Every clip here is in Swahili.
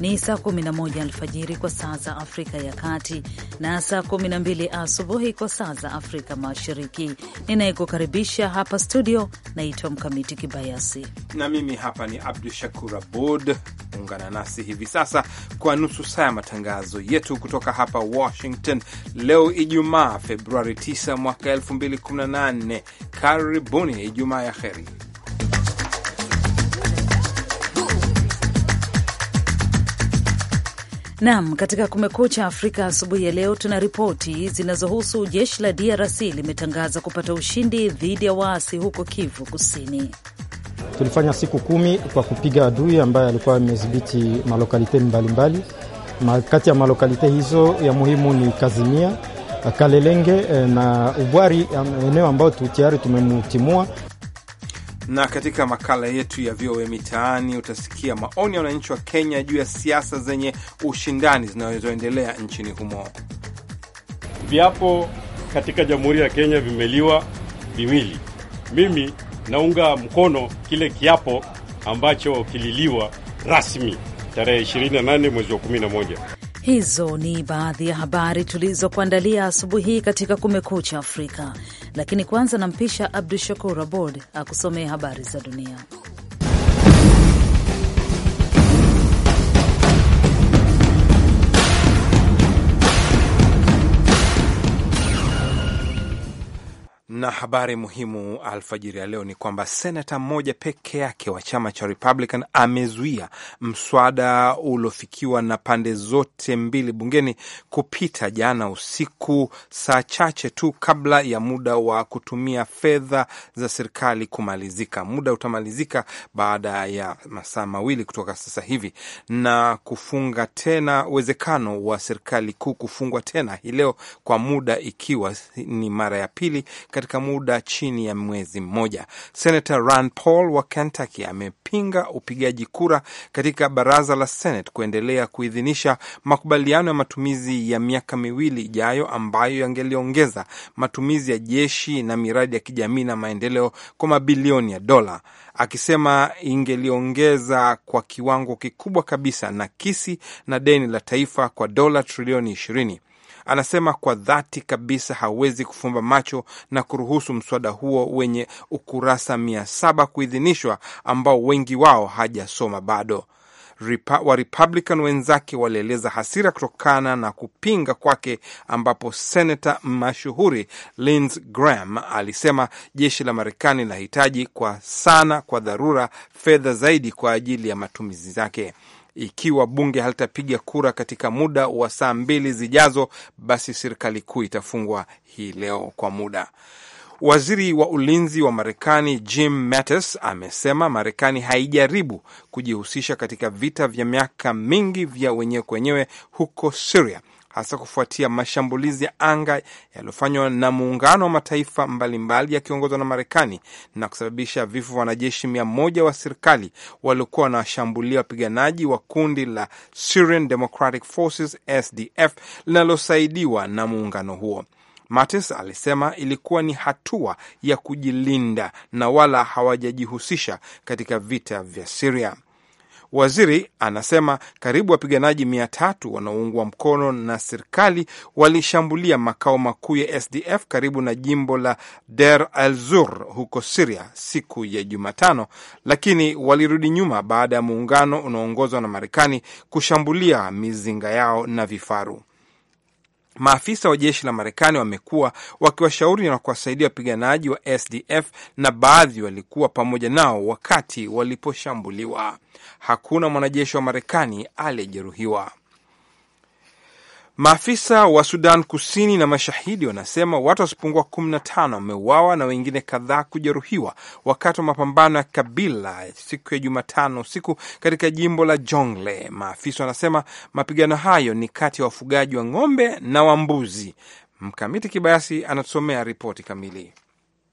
ni saa 11 alfajiri kwa saa za Afrika ya Kati na saa 12 asubuhi kwa saa za Afrika Mashariki. Ninayekukaribisha hapa studio naitwa Mkamiti Kibayasi na mimi hapa ni Abdu Shakur Abud. Ungana nasi hivi sasa kwa nusu saa ya matangazo yetu kutoka hapa Washington, leo Ijumaa Februari 9 mwaka 2018. Karibuni, Ijumaa ya heri. Nam, katika Kumekucha Afrika asubuhi ya leo tuna ripoti zinazohusu jeshi la DRC limetangaza kupata ushindi dhidi ya waasi huko Kivu Kusini. Tulifanya siku kumi kwa kupiga adui ambaye alikuwa amedhibiti malokalite mbalimbali mbali. Kati ya malokalite hizo ya muhimu ni Kazimia, Kalelenge eh, na Ubwari, eh, eneo ambayo tayari tumemutimua na katika makala yetu ya VOA Mitaani utasikia maoni ya wananchi wa Kenya juu ya siasa zenye ushindani zinazoendelea nchini humo. Viapo katika Jamhuri ya Kenya vimeliwa viwili. Mimi naunga mkono kile kiapo ambacho kililiwa rasmi tarehe 28 mwezi wa 11. Hizo ni baadhi ya habari tulizokuandalia asubuhi hii katika Kumekucha Afrika lakini kwanza nampisha Abdu Shakur Abord akusomee habari za dunia. Na habari muhimu alfajiri ya leo ni kwamba senata mmoja peke yake wa chama cha Republican amezuia mswada uliofikiwa na pande zote mbili bungeni kupita jana usiku, saa chache tu kabla ya muda wa kutumia fedha za serikali kumalizika. Muda utamalizika baada ya masaa mawili kutoka sasa hivi, na kufunga tena uwezekano wa serikali kuu kufungwa tena hii leo kwa muda, ikiwa ni mara ya pili katika muda chini ya mwezi mmoja. Senator Rand Paul wa Kentucky amepinga upigaji kura katika baraza la Senate kuendelea kuidhinisha makubaliano ya matumizi ya miaka miwili ijayo ambayo yangeliongeza matumizi ya jeshi na miradi ya kijamii na maendeleo kwa mabilioni ya dola, akisema ingeliongeza kwa kiwango kikubwa kabisa nakisi na deni la taifa kwa dola trilioni ishirini anasema kwa dhati kabisa hawezi kufumba macho na kuruhusu mswada huo wenye ukurasa mia saba kuidhinishwa ambao wengi wao hajasoma bado. Repa, wa Republican wenzake walieleza hasira kutokana na kupinga kwake, ambapo senata mashuhuri Lindsey Graham alisema jeshi la Marekani linahitaji kwa sana, kwa dharura, fedha zaidi kwa ajili ya matumizi yake ikiwa bunge halitapiga kura katika muda wa saa mbili zijazo, basi serikali kuu itafungwa hii leo kwa muda. Waziri wa ulinzi wa Marekani Jim Mattis amesema Marekani haijaribu kujihusisha katika vita vya miaka mingi vya wenyewe kwenyewe huko Siria hasa kufuatia mashambulizi ya anga yaliyofanywa na muungano wa mataifa mbalimbali yakiongozwa na Marekani na kusababisha vifo vya wanajeshi mia moja wa serikali waliokuwa wanawashambulia wapiganaji wa kundi la Syrian Democratic Forces SDF linalosaidiwa na muungano huo. Mattis alisema ilikuwa ni hatua ya kujilinda na wala hawajajihusisha katika vita vya Siria. Waziri anasema karibu wapiganaji mia tatu wanaoungwa mkono na serikali walishambulia makao makuu ya SDF karibu na jimbo la Der al-Zur huko Siria siku ya Jumatano, lakini walirudi nyuma baada ya muungano unaoongozwa na Marekani kushambulia mizinga yao na vifaru. Maafisa wa jeshi la Marekani wamekuwa wakiwashauri na kuwasaidia wapiganaji wa SDF na baadhi walikuwa pamoja nao wakati waliposhambuliwa. Hakuna mwanajeshi wa Marekani aliyejeruhiwa. Maafisa wa Sudan Kusini na mashahidi wanasema watu wasipungua 15 wameuawa na wengine kadhaa kujeruhiwa wakati wa mapambano ya kabila siku ya Jumatano usiku katika jimbo la Jongle. Maafisa wanasema mapigano hayo ni kati ya wafugaji wa ng'ombe na wa mbuzi. Mkamiti Kibayasi anatusomea ripoti kamili.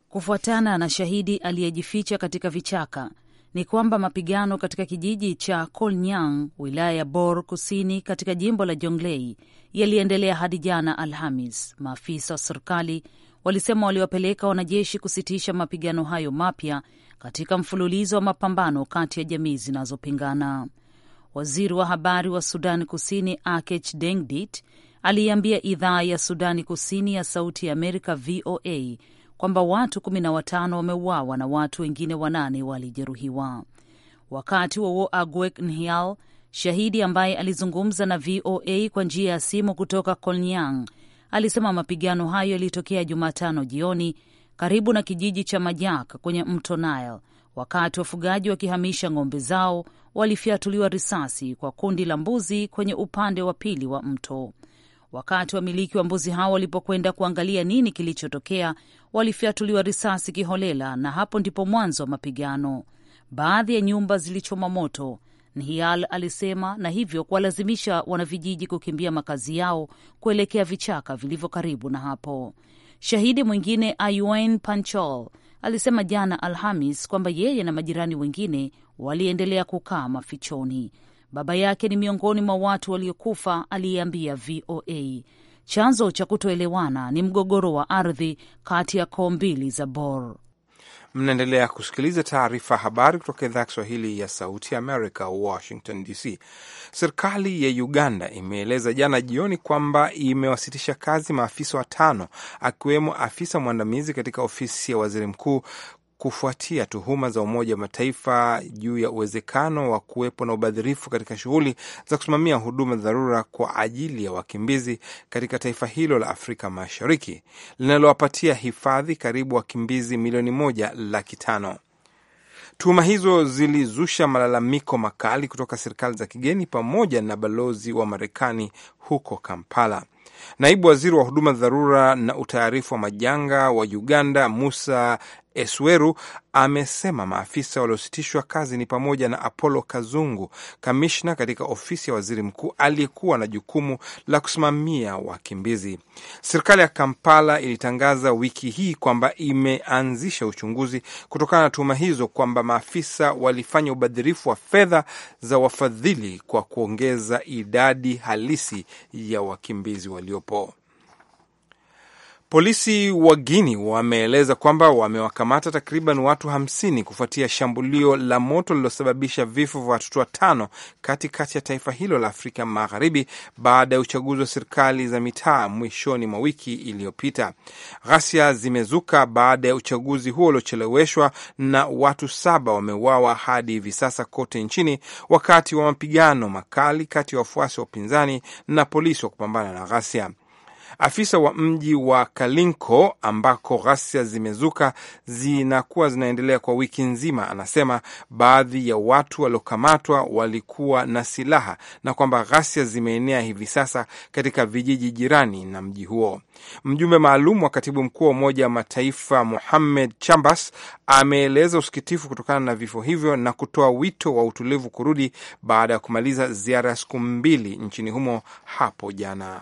Kufuatana na shahidi aliyejificha katika vichaka ni kwamba mapigano katika kijiji cha Kolnyang, wilaya ya Bor Kusini, katika jimbo la Jonglei yaliendelea hadi jana Alhamis. Maafisa wa serikali walisema waliwapeleka wanajeshi kusitisha mapigano hayo mapya katika mfululizo wa mapambano kati ya jamii zinazopingana. Waziri wa habari wa Sudani Kusini Akech Dengdit aliiambia idhaa ya Sudani Kusini ya Sauti ya Amerika VOA kwamba watu kumi na watano wameuawa na watu wengine wanane walijeruhiwa. Wakati wa huo Agwek Nhial, Shahidi ambaye alizungumza na VOA kwa njia ya simu kutoka colnyang alisema mapigano hayo yalitokea Jumatano jioni karibu na kijiji cha Majak kwenye mto Nile wakati wafugaji wakihamisha ng'ombe zao walifyatuliwa risasi kwa kundi la mbuzi kwenye upande wa pili wa mto. Wakati wamiliki wa mbuzi hao walipokwenda kuangalia nini kilichotokea, walifyatuliwa risasi kiholela, na hapo ndipo mwanzo wa mapigano. Baadhi ya nyumba zilichoma moto nhial alisema, na hivyo kuwalazimisha wanavijiji kukimbia makazi yao kuelekea vichaka vilivyo karibu na hapo. Shahidi mwingine Ayuen Panchol alisema jana Alhamis kwamba yeye na majirani wengine waliendelea kukaa mafichoni. Baba yake ni miongoni mwa watu waliokufa, aliyeambia VOA. Chanzo cha kutoelewana ni mgogoro wa ardhi kati ya koo mbili za Bor. Mnaendelea kusikiliza taarifa habari kutoka idhaa ya Kiswahili ya Sauti America, Washington DC. Serikali ya Uganda imeeleza jana jioni kwamba imewasitisha kazi maafisa watano akiwemo afisa mwandamizi katika ofisi ya waziri mkuu kufuatia tuhuma za Umoja wa Mataifa juu ya uwezekano wa kuwepo na ubadhirifu katika shughuli za kusimamia huduma za dharura kwa ajili ya wakimbizi katika taifa hilo la Afrika Mashariki linalowapatia hifadhi karibu wakimbizi milioni moja laki tano. Tuhuma hizo zilizusha malalamiko makali kutoka serikali za kigeni pamoja na balozi wa Marekani huko Kampala. Naibu waziri wa huduma dharura na utayarifu wa majanga wa Uganda, Musa Esweru amesema maafisa waliositishwa kazi ni pamoja na Apollo Kazungu, kamishna katika ofisi ya waziri mkuu aliyekuwa na jukumu la kusimamia wakimbizi. Serikali ya Kampala ilitangaza wiki hii kwamba imeanzisha uchunguzi kutokana na tuhuma hizo kwamba maafisa walifanya ubadhirifu wa fedha za wafadhili kwa kuongeza idadi halisi ya wakimbizi waliopo. Polisi wa Guini wameeleza kwamba wamewakamata takriban watu hamsini kufuatia shambulio la moto lililosababisha vifo vya watoto watano katikati ya taifa hilo la Afrika Magharibi baada ya uchaguzi wa serikali za mitaa mwishoni mwa wiki iliyopita. Ghasia zimezuka baada ya uchaguzi huo uliocheleweshwa na watu saba wameuawa hadi hivi sasa kote nchini, wakati wa mapigano makali kati ya wafuasi wa upinzani na polisi wa kupambana na ghasia. Afisa wa mji wa Kalinko ambako ghasia zimezuka zinakuwa zinaendelea kwa wiki nzima, anasema baadhi ya watu waliokamatwa walikuwa na silaha na kwamba ghasia zimeenea hivi sasa katika vijiji jirani na mji huo. Mjumbe maalum wa katibu mkuu wa Umoja wa Mataifa Muhamed Chambas ameeleza usikitifu kutokana na vifo hivyo na kutoa wito wa utulivu kurudi baada ya kumaliza ziara ya siku mbili nchini humo hapo jana.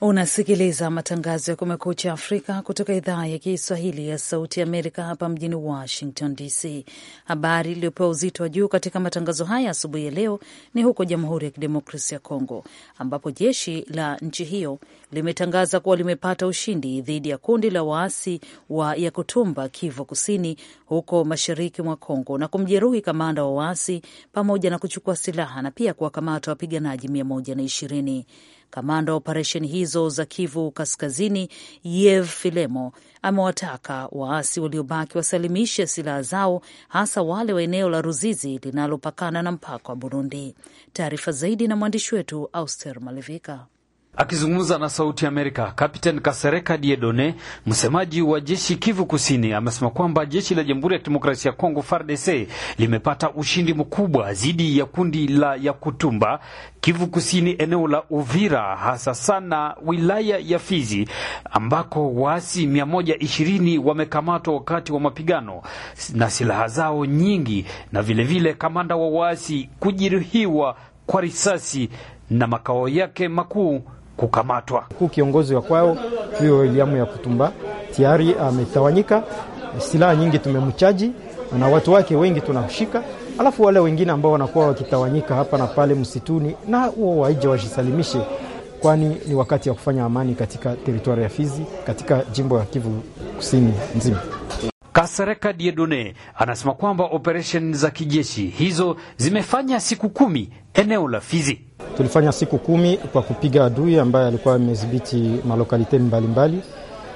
Unasikiliza matangazo ya Kumekucha Afrika kutoka idhaa ya Kiswahili ya Sauti Amerika hapa mjini Washington DC. Habari iliyopewa uzito wa juu katika matangazo haya asubuhi ya leo ni huko Jamhuri ya Kidemokrasia ya Kongo, ambapo jeshi la nchi hiyo limetangaza kuwa limepata ushindi dhidi ya kundi la waasi wa Yakutumba, Kivu Kusini, huko mashariki mwa Kongo, na kumjeruhi kamanda wa waasi pamoja na kuchukua silaha na pia kuwakamata wapiganaji 120. Kamanda wa operesheni hizo za Kivu Kaskazini, Yev Filemo, amewataka waasi waliobaki wasalimishe silaha zao, hasa wale wa eneo la Ruzizi linalopakana na mpaka wa Burundi. Taarifa zaidi na mwandishi wetu Auster Malivika. Akizungumza na Sauti Amerika, Kapten Kasereka Diedone, msemaji wa jeshi Kivu Kusini, amesema kwamba jeshi la Jamhuri ya Kidemokrasia ya Kongo FARDC limepata ushindi mkubwa dhidi ya kundi la Yakutumba Kivu Kusini, eneo la Uvira, hasa sana wilaya ya Fizi ambako waasi 120 wamekamatwa wakati wa mapigano na silaha zao nyingi, na vilevile vile kamanda wa waasi kujeruhiwa kwa risasi na makao yake makuu kukamatwa. Huku kiongozi wa kwao huyo Eliamu ya Kutumba tayari ametawanyika, silaha nyingi tumemchaji na watu wake wengi tunashika, alafu wale wengine ambao wanakuwa wakitawanyika hapa na pale msituni, na huo waija wajisalimishe, kwani ni wakati wa kufanya amani katika teritwari ya Fizi, katika jimbo ya Kivu Kusini nzima. Kasereka Diedone anasema kwamba operesheni za kijeshi hizo zimefanya siku kumi eneo la Fizi. Tulifanya siku kumi kwa kupiga adui ambaye alikuwa amedhibiti malokalite mbalimbali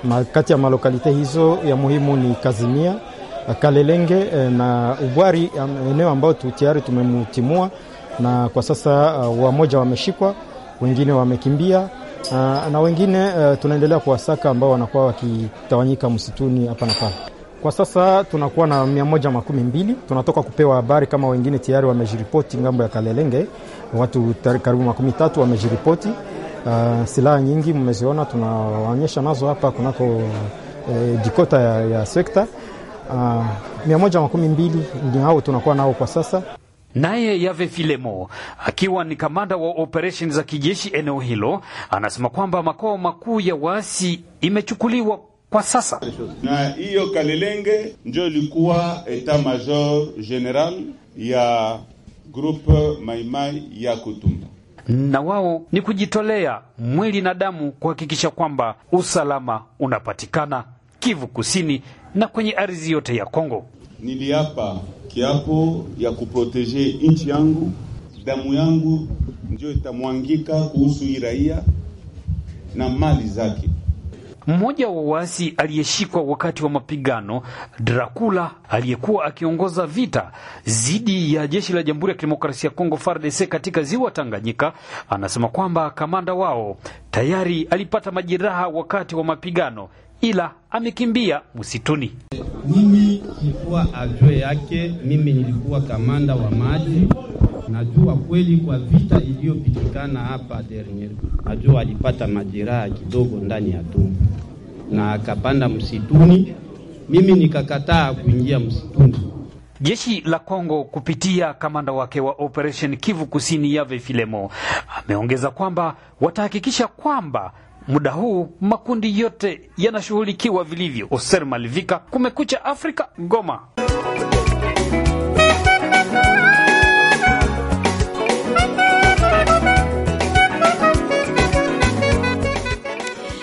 mbali. Kati ya malokalite hizo ya muhimu ni Kazimia, Kalelenge eh, na Ubwari, eneo ambao tayari tumemutimua, na kwa sasa eh, wamoja wameshikwa, wengine wamekimbia eh, na wengine tunaendelea kuwasaka ambao wanakuwa wakitawanyika msituni hapa na pale. Kwa sasa tunakuwa na mia moja makumi mbili tunatoka kupewa habari kama wengine tayari wamejiripoti ngambo ya Kalelenge, watu karibu makumi tatu wamejiripoti. Uh, silaha nyingi mmeziona, tunawaonyesha nazo hapa kunako eh, jikota ya, ya sekta uh, mia moja makumi mbili ni hao tunakuwa nao kwa sasa. Naye Yave Filemo akiwa ni kamanda wa operesheni za kijeshi eneo hilo anasema kwamba makao makuu ya waasi imechukuliwa kwa sasa. Na hiyo Kalelenge ndio ilikuwa eta major general ya grupe Maimai ya Kutumba na wao ni kujitolea mwili na damu kuhakikisha kwamba usalama unapatikana Kivu Kusini na kwenye ardhi yote ya Kongo. Niliapa kiapo ya kuproteje nchi yangu, damu yangu ndio itamwangika kuhusu hii raia na mali zake. Mmoja wa waasi aliyeshikwa wakati wa mapigano, Dracula, aliyekuwa akiongoza vita dhidi ya jeshi la Jamhuri ya Kidemokrasia ya Kongo FARDC katika ziwa Tanganyika, anasema kwamba kamanda wao tayari alipata majeraha wakati wa mapigano ila amekimbia msituni. Mimi nilikuwa ajue yake, mimi nilikuwa kamanda wa maji najua kweli kwa vita iliyopitikana hapa dernier, najua alipata majeraha kidogo ndani ya tumbo na akapanda msituni. Mimi nikakataa kuingia msituni. Jeshi la Kongo kupitia kamanda wake wa Operation Kivu Kusini Yave Filemo ameongeza kwamba watahakikisha kwamba muda huu makundi yote yanashughulikiwa vilivyo. Oser Malivika, Kumekucha Afrika, Goma.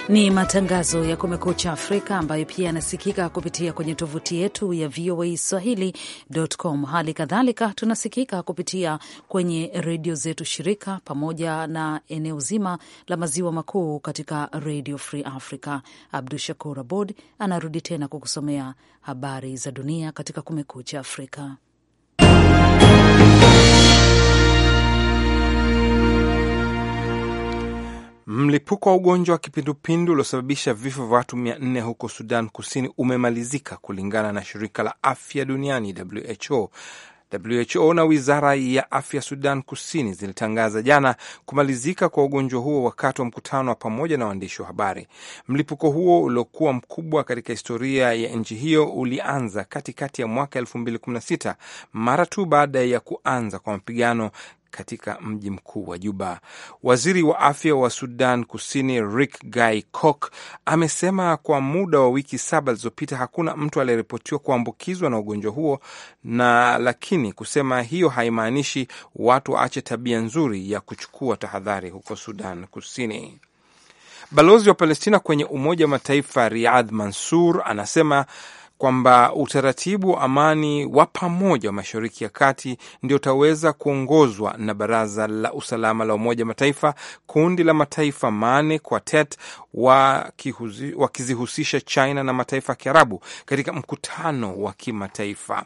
Ni matangazo ya Kumekucha Afrika ambayo pia yanasikika kupitia kwenye tovuti yetu ya VOA Swahili.com. Hali kadhalika tunasikika kupitia kwenye redio zetu shirika pamoja na eneo zima la maziwa makuu katika Radio Free Africa. Abdu Shakur Abod anarudi tena kukusomea habari za dunia katika Kumekucha Afrika. Mlipuko wa ugonjwa wa kipindupindu uliosababisha vifo vya watu mia nne huko Sudan Kusini umemalizika kulingana na shirika la afya duniani WHO. WHO na wizara ya afya Sudan Kusini zilitangaza jana kumalizika kwa ugonjwa huo wakati wa mkutano wa pamoja na waandishi wa habari. Mlipuko huo uliokuwa mkubwa katika historia ya nchi hiyo ulianza katikati ya mwaka 2016 mara tu baada ya kuanza kwa mapigano katika mji mkuu wa Juba. Waziri wa afya wa Sudan Kusini Rick Guy cok amesema kwa muda wa wiki saba zilizopita hakuna mtu aliyeripotiwa kuambukizwa na ugonjwa huo, na lakini kusema hiyo haimaanishi watu waache tabia nzuri ya kuchukua tahadhari huko Sudan Kusini. Balozi wa Palestina kwenye Umoja wa Mataifa Riyad mansur anasema kwamba utaratibu wa amani wa pamoja wa Mashariki ya Kati ndio utaweza kuongozwa na Baraza la Usalama la Umoja Mataifa, kundi la mataifa mane Quartet wakizihusisha China na mataifa ya Kiarabu katika mkutano wa kimataifa.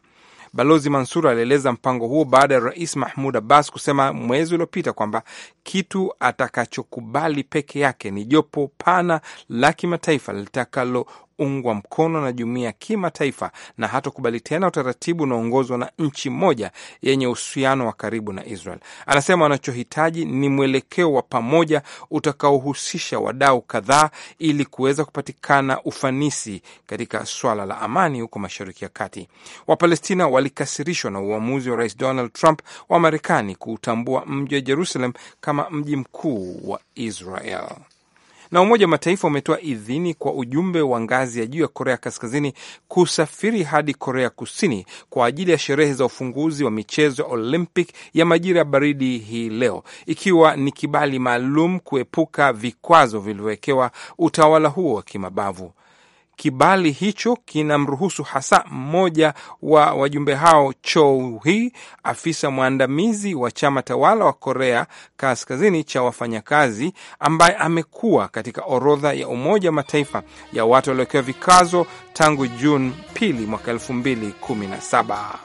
Balozi Mansur alieleza mpango huo baada ya Rais Mahmud Abbas kusema mwezi uliopita kwamba kitu atakachokubali peke yake ni jopo pana la kimataifa litakalo ungwa mkono na jumuiya ya kimataifa na hatokubali tena utaratibu unaoongozwa na nchi moja yenye uhusiano wa karibu na Israel. Anasema wanachohitaji ni mwelekeo wa pamoja utakaohusisha wadau kadhaa ili kuweza kupatikana ufanisi katika swala la amani huko Mashariki ya Kati. Wapalestina walikasirishwa na uamuzi wa Rais Donald Trump wa Marekani kuutambua mji wa Jerusalem kama mji mkuu wa Israel. Na Umoja wa Mataifa umetoa idhini kwa ujumbe wa ngazi ya juu ya Korea Kaskazini kusafiri hadi Korea Kusini kwa ajili ya sherehe za ufunguzi wa michezo ya Olympic ya majira ya baridi hii leo, ikiwa ni kibali maalum kuepuka vikwazo vilivyowekewa utawala huo wa kimabavu. Kibali hicho kinamruhusu hasa mmoja wa wajumbe hao Chou afisa mwandamizi wa chama tawala wa Korea Kaskazini cha wafanyakazi, ambaye amekuwa katika orodha ya Umoja wa Mataifa ya watu waliowekewa vikazo tangu Juni pili mwaka 2017.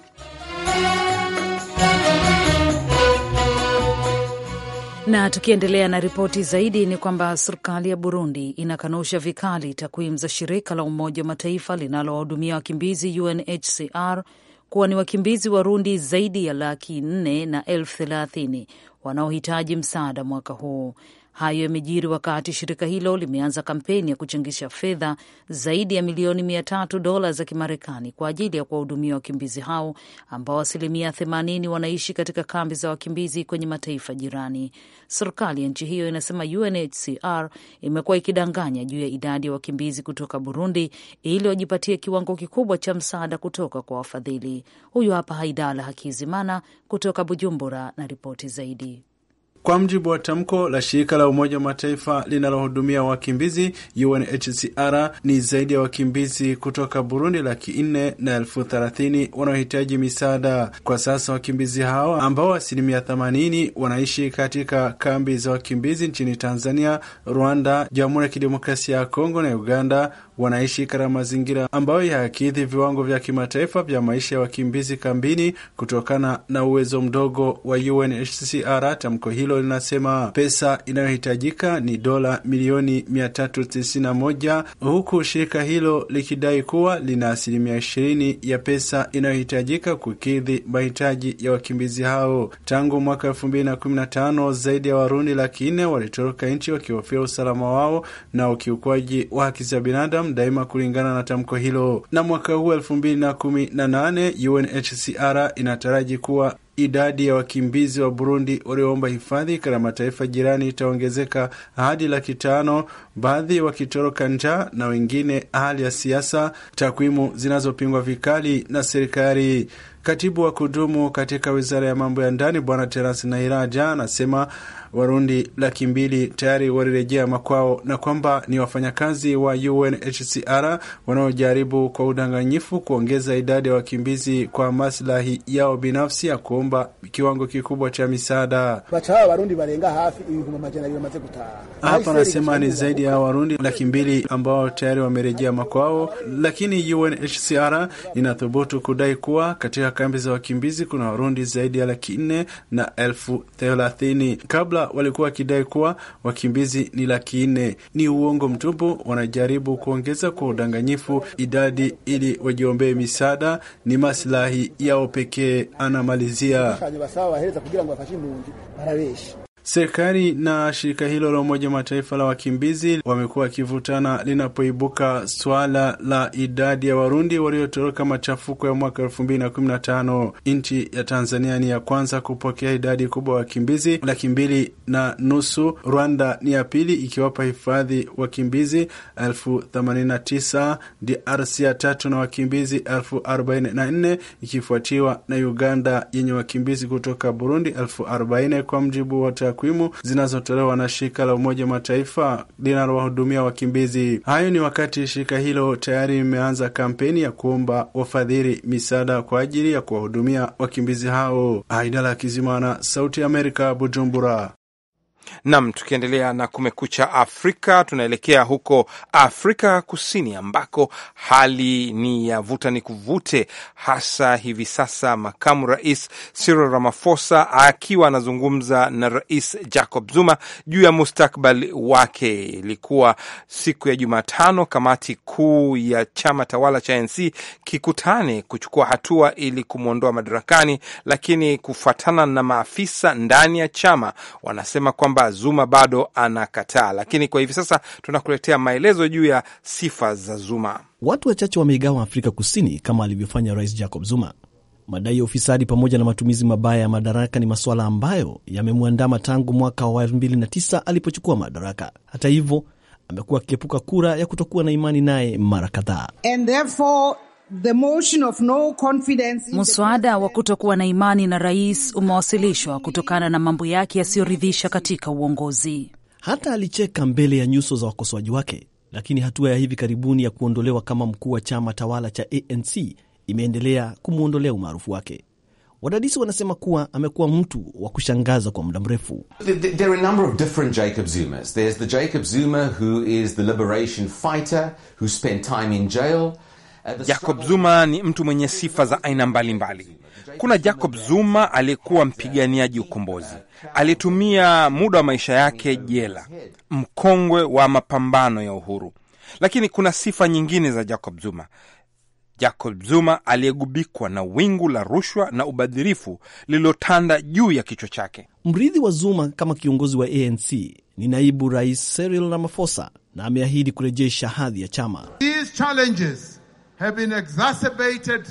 Na tukiendelea na ripoti zaidi ni kwamba serikali ya Burundi inakanusha vikali takwimu za shirika la Umoja wa Mataifa linalowahudumia wakimbizi UNHCR kuwa ni wakimbizi Warundi zaidi ya laki nne na elfu thelathini wanaohitaji msaada mwaka huu. Hayo yamejiri wakati shirika hilo limeanza kampeni ya kuchangisha fedha zaidi ya milioni mia tatu dola za Kimarekani kwa ajili ya kuwahudumia wakimbizi hao ambao asilimia 80 wanaishi katika kambi za wakimbizi kwenye mataifa jirani. Serikali ya nchi hiyo inasema UNHCR imekuwa ikidanganya juu ya idadi ya wakimbizi kutoka Burundi ili wajipatie kiwango kikubwa cha msaada kutoka kwa wafadhili. Huyu hapa Haidala Hakizimana kutoka Bujumbura na ripoti zaidi. Kwa mjibu wa tamko la shirika la Umoja wa Mataifa linalohudumia wakimbizi UNHCR, ni zaidi ya wakimbizi kutoka Burundi laki nne na elfu thelathini wanaohitaji misaada kwa sasa. Wakimbizi hao ambao asilimia 80 wanaishi katika kambi za wakimbizi nchini Tanzania, Rwanda, Jamhuri ya Kidemokrasia ya Kongo na Uganda wanaishi katika mazingira ambayo yakidhi viwango vya kimataifa vya maisha ya wakimbizi kambini kutokana na uwezo mdogo wa UNHCR. Tamko hilo hilo linasema pesa inayohitajika ni dola milioni 391 huku shirika hilo likidai kuwa lina asilimia 20 ya pesa inayohitajika kukidhi mahitaji ya wakimbizi hao. Tangu mwaka 2015 zaidi ya Warundi laki nne walitoroka nchi wakihofia usalama wao na ukiukwaji wa haki za binadamu daima, kulingana na tamko hilo. Na mwaka huu 2018 UNHCR inataraji kuwa idadi ya wakimbizi wa Burundi walioomba hifadhi katika mataifa jirani itaongezeka hadi laki tano, baadhi wakitoroka njaa na wengine hali ya siasa, takwimu zinazopingwa vikali na serikali. Katibu wa kudumu katika wizara ya mambo ya ndani Bwana teras Nairaja anasema Warundi laki mbili tayari walirejea makwao na kwamba ni wafanyakazi wa UNHCR wanaojaribu kwa udanganyifu kuongeza idadi ya wakimbizi kwa maslahi yao binafsi ya kuomba kiwango kikubwa cha misaada. Hapa anasema ni zaidi ya Warundi laki mbili ambao tayari wamerejea makwao, lakini UNHCR inathubutu kudai kuwa katika kambi za wakimbizi kuna Warundi zaidi ya laki nne na elfu thelathini kabla kabla walikuwa wakidai kuwa wakimbizi ni laki nne. Ni uongo mtupu. Wanajaribu kuongeza kwa udanganyifu idadi ili wajiombee misaada, ni masilahi yao pekee, anamalizia. Serikali na shirika hilo la Umoja Mataifa la wakimbizi wamekuwa wakivutana linapoibuka swala la idadi ya Warundi waliotoroka machafuko ya mwaka elfu mbili na kumi na tano. Nchi ya Tanzania ni ya kwanza kupokea idadi kubwa ya wakimbizi laki mbili na nusu. Rwanda ni ya pili ikiwapa hifadhi wakimbizi elfu themanini na tisa, DRC ya tatu na wakimbizi elfu arobaini na nne ikifuatiwa na Uganda yenye wakimbizi kutoka Burundi elfu arobaini kwa mjibu wote takwimu zinazotolewa na shirika la Umoja wa Mataifa linalowahudumia wakimbizi. Hayo ni wakati shirika hilo tayari limeanza kampeni ya kuomba wafadhili misaada kwa ajili ya kuwahudumia wakimbizi hao. Aidala Kizimana, Sauti ya Amerika, Bujumbura. Nam, tukiendelea na Kumekucha Afrika, tunaelekea huko Afrika Kusini ambako hali ni ya vuta ni kuvute, hasa hivi sasa. Makamu Rais Cyril Ramaphosa akiwa anazungumza na Rais Jacob Zuma juu ya mustakbali wake. Ilikuwa siku ya Jumatano, kamati kuu ya chama tawala cha ANC kikutane kuchukua hatua ili kumwondoa madarakani, lakini kufuatana na maafisa ndani ya chama wanasema kwamba kwamba Zuma bado anakataa, lakini kwa hivi sasa tunakuletea maelezo juu ya sifa za Zuma. Watu wachache wameigawa Afrika Kusini kama alivyofanya Rais Jacob Zuma. Madai ya ufisadi pamoja na matumizi mabaya ya madaraka ni masuala ambayo yamemwandama tangu mwaka wa 2009 alipochukua madaraka. Hata hivyo, amekuwa akiepuka kura ya kutokuwa na imani naye mara kadhaa. Muswada wa kutokuwa na imani na rais umewasilishwa kutokana na mambo yake yasiyoridhisha katika uongozi. Hata alicheka mbele ya nyuso za wakosoaji wake, lakini hatua ya hivi karibuni ya kuondolewa kama mkuu wa chama tawala cha ANC imeendelea kumwondolea umaarufu wake. Wadadisi wanasema kuwa amekuwa mtu wa kushangaza kwa muda mrefu. the, the Jacob Zuma ni mtu mwenye sifa za aina mbalimbali mbali. Kuna Jacob Zuma aliyekuwa mpiganiaji ukombozi, aliyetumia muda wa maisha yake jela, mkongwe wa mapambano ya uhuru. Lakini kuna sifa nyingine za Jacob Zuma. Jacob Zuma aliyegubikwa na wingu la rushwa na ubadhirifu lililotanda juu ya kichwa chake. Mrithi wa Zuma kama kiongozi wa ANC ni naibu rais Cyril Ramaphosa na ameahidi kurejesha hadhi ya chama These challenges have been exacerbated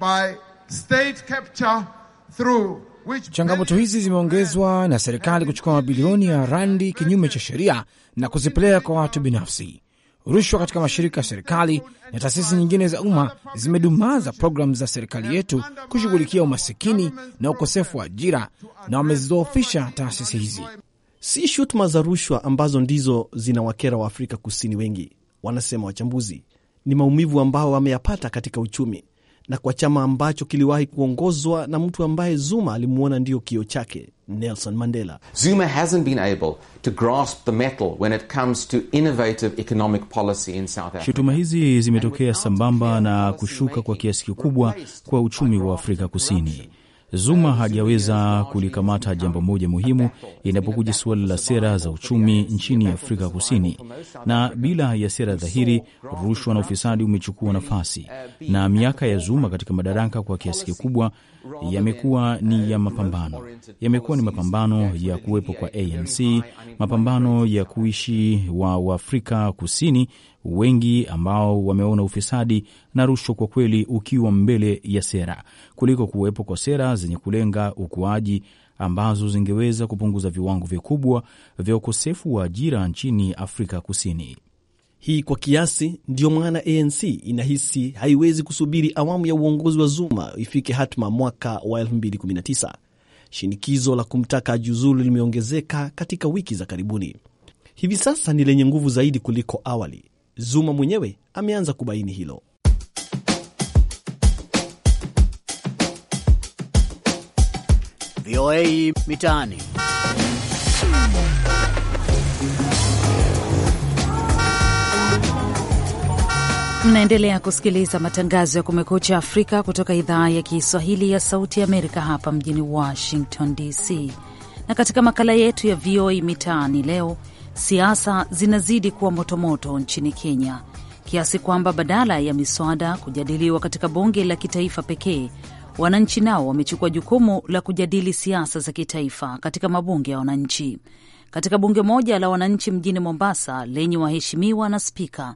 by state capture through which... Changamoto hizi zimeongezwa na serikali kuchukua mabilioni ya randi kinyume cha sheria na kuzipeleka kwa watu binafsi. Rushwa katika mashirika ya serikali na taasisi nyingine za umma zimedumaza programu za serikali yetu kushughulikia umasikini na ukosefu wa ajira na wamezidhoofisha taasisi hizi. Si shutuma za rushwa ambazo ndizo zinawakera afrika Kusini wengi, wanasema wachambuzi, ni maumivu ambao wameyapata katika uchumi na kwa chama ambacho kiliwahi kuongozwa na mtu ambaye Zuma alimwona ndiyo kio chake, Nelson Mandela. Zuma hasn't been able to grasp the metal when it comes to innovative economic policy in South Africa. Shutuma hizi zimetokea sambamba na kushuka kwa kiasi kikubwa kwa uchumi wa Afrika Kusini Zuma hajaweza kulikamata jambo moja muhimu inapokuja suala la sera za uchumi nchini Afrika Kusini, na bila ya sera dhahiri, rushwa na ufisadi umechukua nafasi, na miaka ya Zuma katika madaraka kwa kiasi kikubwa yamekuwa ni ya mapambano, yamekuwa ni mapambano ya kuwepo kwa ANC, mapambano ya kuishi wa Waafrika Kusini wengi ambao wameona ufisadi na rushwa kwa kweli ukiwa mbele ya sera kuliko kuwepo kwa sera zenye kulenga ukuaji ambazo zingeweza kupunguza viwango vikubwa vya ukosefu wa ajira nchini Afrika Kusini. Hii kwa kiasi ndiyo maana ANC inahisi haiwezi kusubiri awamu ya uongozi wa Zuma ifike hatma mwaka wa 2019. Shinikizo la kumtaka ajiuzulu limeongezeka katika wiki za karibuni. Hivi sasa ni lenye nguvu zaidi kuliko awali. Zuma mwenyewe ameanza kubaini hilo. VOA Mitaani. Mnaendelea kusikiliza matangazo ya Kumekucha Afrika kutoka idhaa ya Kiswahili ya Sauti Amerika hapa mjini Washington DC. Na katika makala yetu ya VOA Mitaani leo, siasa zinazidi kuwa motomoto nchini Kenya kiasi kwamba badala ya miswada kujadiliwa katika bunge la kitaifa pekee, wananchi nao wamechukua jukumu la kujadili siasa za kitaifa katika mabunge ya wananchi. Katika bunge moja la wananchi mjini Mombasa lenye waheshimiwa na spika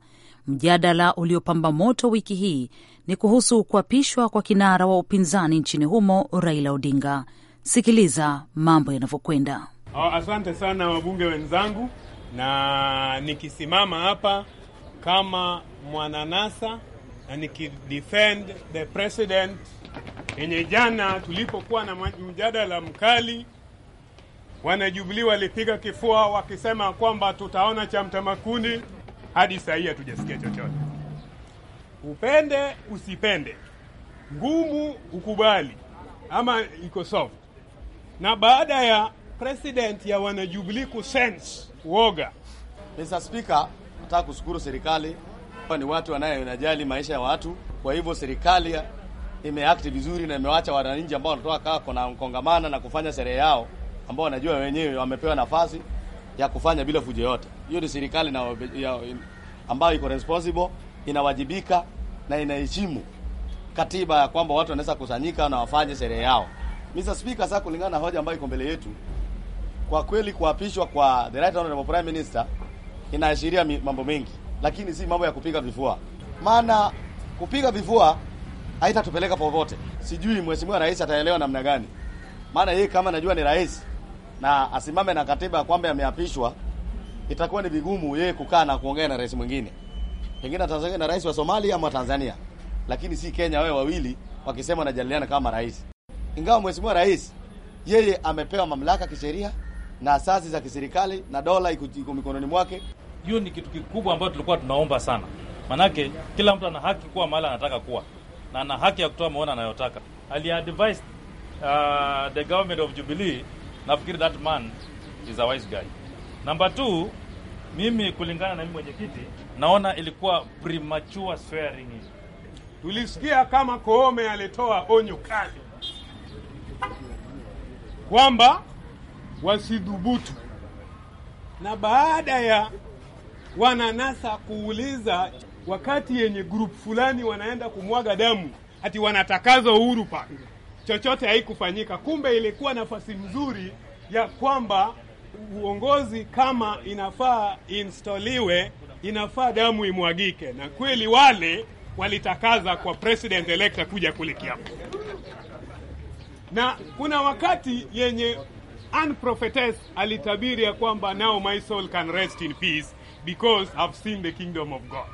Mjadala uliopamba moto wiki hii ni kuhusu kuapishwa kwa kinara wa upinzani nchini humo Raila Odinga. Sikiliza mambo yanavyokwenda. Oh, asante sana wabunge wenzangu, na nikisimama hapa kama mwananasa na nikidefend the president yenye jana tulipokuwa na mjadala mkali, wanajubilii walipiga kifua wakisema kwamba tutaona cha mtamakuni hadi saa hii hatujasikia chochote. Upende usipende, ngumu ukubali, ama iko soft. Na baada ya president ya wanajubiliku kusense woga. Mr. Speaker, nataka kushukuru serikali hapa, ni watu wanayonajali maisha ya watu. Kwa hivyo serikali imeact vizuri na imewacha wananchi ambao wanatoka kaa kongamana na kufanya sherehe yao, ambao wanajua wenyewe wamepewa nafasi ya kufanya bila fujo yote. Hiyo ni serikali na ya, ambayo iko responsible, inawajibika na inaheshimu katiba ya kwamba watu wanaweza kusanyika na wafanye sherehe yao. Mr. Speaker, sasa kulingana na hoja ambayo iko mbele yetu, kwa kweli kuapishwa kwa the right honorable prime minister inaashiria mambo mengi, lakini si mambo ya kupiga vifua, maana kupiga vifua haitatupeleka popote. Sijui mheshimiwa rais ataelewa namna gani, maana yeye kama najua ni rais na asimame na katiba kwamba ameapishwa, itakuwa ni vigumu yeye kukaa na kuongea na rais mwingine, pengine Tanzania na rais wa Somalia ama Tanzania, lakini si Kenya, wewe wawili wakisema wanajadiliana kama rais, ingawa mheshimiwa rais yeye amepewa mamlaka kisheria na asasi za kiserikali na dola iko mikononi mwake. Hiyo ni kitu kikubwa ambacho tulikuwa tunaomba sana, manake kila mtu ana haki kuwa mahali anataka kuwa na ana haki ya kutoa maoni anayotaka. Ali advise uh, the government of Jubilee nafikiri that man is a wise guy. Number two, mimi kulingana na mimi mwenyekiti, naona ilikuwa premature swearing. Tulisikia kama Koome alitoa onyo kali kwamba wasidhubutu, na baada ya wananasa kuuliza wakati yenye grupu fulani wanaenda kumwaga damu, ati wanatakaza uhuru pale chochote haikufanyika. Kumbe ilikuwa nafasi nzuri ya kwamba uongozi kama inafaa instoliwe inafaa damu imwagike, na kweli wale walitakaza kwa president elect kuja kule kiapo, na kuna wakati yenye an prophetess alitabiri ya kwamba now my soul can rest in peace because I've seen the kingdom of God.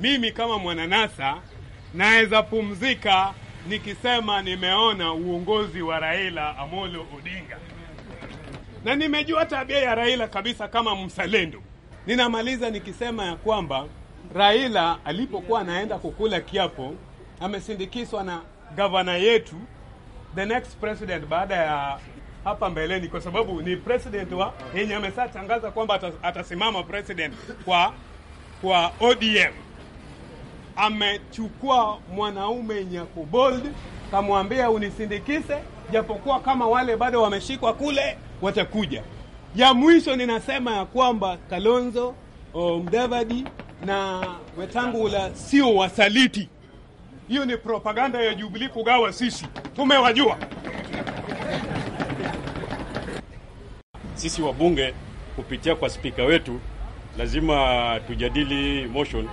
Mimi kama mwananasa naweza pumzika nikisema nimeona uongozi wa Raila Amolo Odinga na nimejua tabia ya Raila kabisa kama msalendo Ninamaliza nikisema ya kwamba Raila alipokuwa anaenda kukula kiapo amesindikizwa na gavana yetu the next president baada ya hapa mbeleni, kwa sababu ni president wa yenye tangaza kwamba atasimama president kwa kwa ODM amechukua mwanaume bold, kamwambia unisindikize, japokuwa kama wale bado wameshikwa kule watakuja. Ya mwisho ninasema ya kwamba Kalonzo Mdavadi na Wetangula sio wasaliti. Hiyo ni propaganda ya Jubilee kugawa sisi, tumewajua sisi wabunge kupitia kwa spika wetu lazima tujadili motion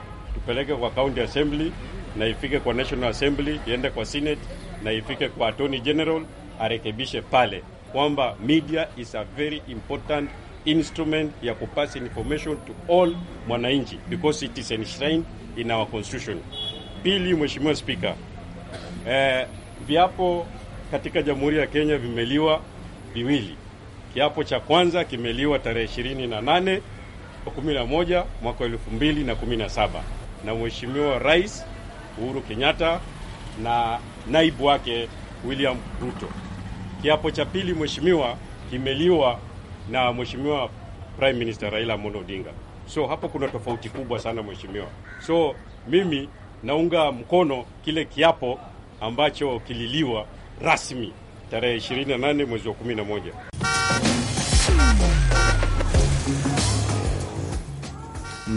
ipeleke kwa county assembly na ifike kwa national assembly, iende kwa senate na ifike kwa attorney general, arekebishe pale kwamba media is a very important instrument ya kupass information to all mwananchi because it is enshrined in our constitution. Pili, mheshimiwa spika, eh, viapo katika Jamhuri ya Kenya vimeliwa viwili. Kiapo cha kwanza kimeliwa tarehe 28 11 mwaka 2017 na Mheshimiwa Rais Uhuru Kenyatta na naibu wake William Ruto. Kiapo cha pili mheshimiwa kimeliwa na Mheshimiwa Prime Minister Raila Amolo Odinga. So hapo kuna tofauti kubwa sana mheshimiwa. So mimi naunga mkono kile kiapo ambacho kililiwa rasmi tarehe 28 mwezi wa 11.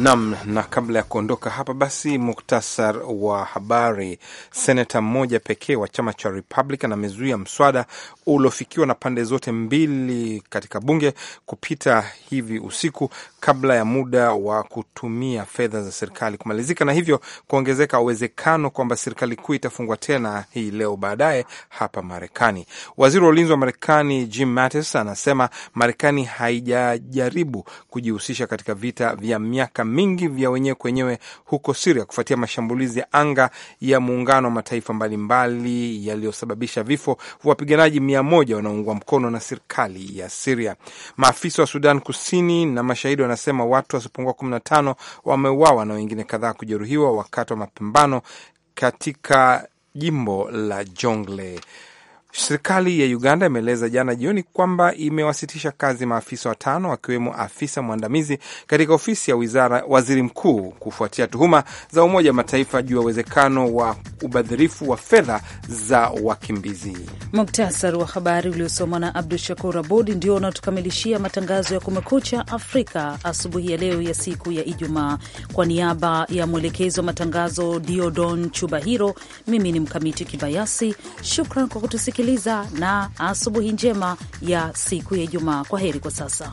Nam, na kabla ya kuondoka hapa, basi muktasar wa habari. Senata mmoja pekee wa chama cha Republican amezuia mswada uliofikiwa na pande zote mbili katika bunge kupita hivi usiku kabla ya muda wa kutumia fedha za serikali kumalizika, na hivyo kuongezeka uwezekano kwamba serikali kuu itafungwa tena hii leo baadaye hapa Marekani. Waziri wa ulinzi wa Marekani Jim Mattis anasema Marekani haijajaribu kujihusisha katika vita vya miaka mingi vya wenyewe kwenyewe huko Siria kufuatia mashambulizi ya anga ya muungano wa mataifa mbalimbali yaliyosababisha vifo wapiganaji mia moja wanaoungwa mkono na serikali ya Siria. Maafisa wa Sudan Kusini na mashahidi wanasema watu wasiopungua 15 wameuawa na wengine kadhaa kujeruhiwa wakati wa mapambano katika jimbo la Jonglei. Serikali ya Uganda imeeleza jana jioni kwamba imewasitisha kazi maafisa watano wakiwemo afisa mwandamizi katika ofisi ya wizara waziri mkuu kufuatia tuhuma za Umoja wa Mataifa juu ya uwezekano wa ubadhirifu wa fedha za wakimbizi. Muktasar wa habari uliosomwa na Abdu Shakur Abud ndio unaotukamilishia matangazo ya Kumekucha Afrika asubuhi ya leo ya siku ya Ijumaa. Kwa niaba ya mwelekezi wa matangazo Diodon Chubahiro, mimi ni Mkamiti Kibayasi. Shukran kwa kutusikia kutusikiliza na asubuhi njema ya siku ya Ijumaa. Kwa heri kwa sasa.